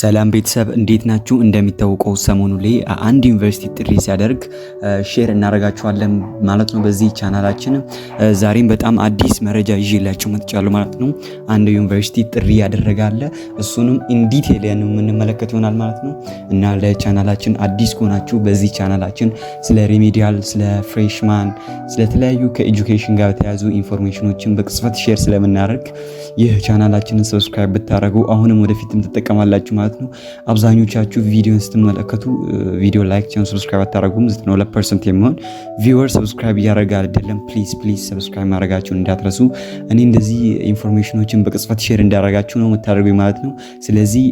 ሰላም ቤተሰብ እንዴት ናችሁ? እንደሚታወቀው ሰሞኑ ላይ አንድ ዩኒቨርሲቲ ጥሪ ሲያደርግ ሼር እናደርጋችኋለን ማለት ነው በዚህ ቻናላችን። ዛሬም በጣም አዲስ መረጃ ይዤላችሁ መጥቻለሁ ማለት ነው። አንድ ዩኒቨርሲቲ ጥሪ ያደረጋለ እሱንም ኢንዲቴል የምንመለከት ይሆናል ማለት ነው እና ለቻናላችን አዲስ ከሆናችሁ በዚህ ቻናላችን ስለ ሪሜዲያል፣ ስለ ፍሬሽማን፣ ስለተለያዩ ከኤጁኬሽን ጋር የተያዙ ኢንፎርሜሽኖችን በቅጽበት ሼር ስለምናደርግ ይህ ቻናላችንን ሰብስክራይብ ብታደረጉ አሁንም ወደፊትም ትጠቀማላችሁ ማለት ነው። አብዛኞቻችሁ ቪዲዮን ስትመለከቱ ቪዲዮ ላይክ፣ ቻን ሰብስክራይብ አታደረጉም። 92 ፐርሰንት የሚሆን ቪወር ሰብስክራይብ እያደረገ አይደለም። ፕሊዝ ፕሊዝ ሰብስክራይብ ማድረጋችሁን እንዳትረሱ። እኔ እንደዚህ ኢንፎርሜሽኖችን በቅጽበት ሼር እንዳደረጋችሁ ነው የምታደርጉ ማለት ነው። ስለዚህ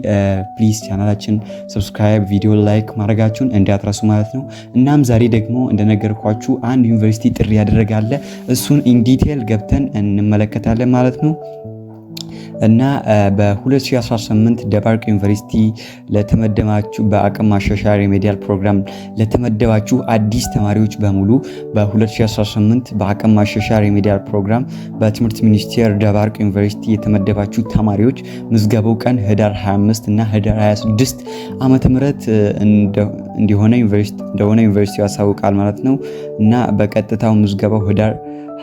ፕሊዝ ቻናላችን ሰብስክራይብ፣ ቪዲዮ ላይክ ማድረጋችሁን እንዳትረሱ ማለት ነው። እናም ዛሬ ደግሞ እንደነገርኳችሁ አንድ ዩኒቨርሲቲ ጥሪ ያደረጋለ እሱን ኢንዲቴል ገብተን እንመለከታለን ማለት ነው። እና በ2018 ደባርቅ ዩኒቨርሲቲ ለተመደባችሁ በአቅም ማሻሻያ ሪሜዲያል ፕሮግራም ለተመደባችሁ አዲስ ተማሪዎች በሙሉ በ2018 በአቅም ማሻሻያ ሪሜዲያል ፕሮግራም በትምህርት ሚኒስቴር ደባርቅ ዩኒቨርሲቲ የተመደባችሁ ተማሪዎች ምዝገባው ቀን ህዳር 25 እና ህዳር 26 ዓመተ ምህረት እንደሆነ ዩኒቨርሲቲ ያሳውቃል ማለት ነው እና በቀጥታው ምዝገባው ህዳር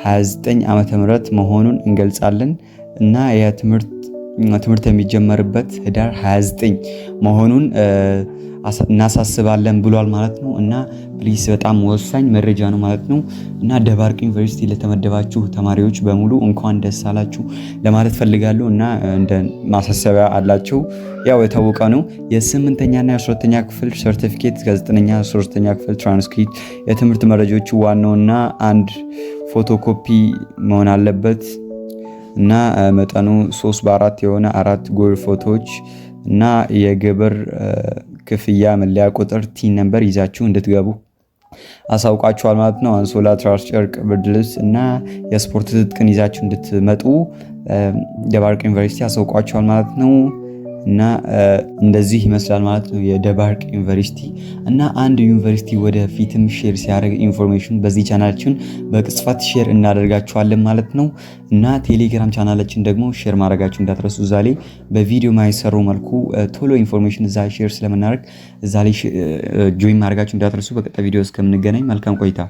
29 ዓመተ ምህረት መሆኑን እንገልጻለን። እና ያ ትምህርት የሚጀመርበት ህዳር 29 መሆኑን እናሳስባለን ብሏል ማለት ነው። እና ፕሊስ በጣም ወሳኝ መረጃ ነው ማለት ነው። እና ደባርቅ ዩኒቨርሲቲ ለተመደባችሁ ተማሪዎች በሙሉ እንኳን ደስ አላችሁ ለማለት ፈልጋለሁ። እና እንደ ማሳሰቢያ አላቸው ያው የታወቀ ነው። የስምንተኛና የአስረተኛ ክፍል ሰርቲፊኬት፣ ከዘጠነኛ አስራተኛ ክፍል ትራንስክሪት የትምህርት መረጃዎቹ ዋናውና አንድ ፎቶኮፒ መሆን አለበት። እና መጠኑ ሶስት በአራት የሆነ አራት ጎል ፎቶዎች እና የግብር ክፍያ መለያ ቁጥር ቲን ነንበር ይዛችሁ እንድትገቡ አሳውቃችኋል ማለት ነው። አንሶላ፣ ትራስ፣ ጨርቅ፣ ብርድ ልብስ እና የስፖርት ትጥቅን ይዛችሁ እንድትመጡ ደባርቅ ዩኒቨርሲቲ አሳውቋችኋል ማለት ነው። እና እንደዚህ ይመስላል ማለት ነው የደባርቅ ዩኒቨርሲቲ። እና አንድ ዩኒቨርሲቲ ወደፊትም ሼር ሲያደርግ ኢንፎርሜሽን በዚህ ቻናላችን በቅጽፋት ሼር እናደርጋችኋለን ማለት ነው። እና ቴሌግራም ቻናላችን ደግሞ ሼር ማድረጋችሁ እንዳትረሱ። እዛ ላይ በቪዲዮ ማይሰሩ መልኩ ቶሎ ኢንፎርሜሽን እዛ ሼር ስለምናደርግ እዛ ላይ ጆይን ማድረጋችሁ እንዳትረሱ። በቀጣይ ቪዲዮ እስከምንገናኝ መልካም ቆይታ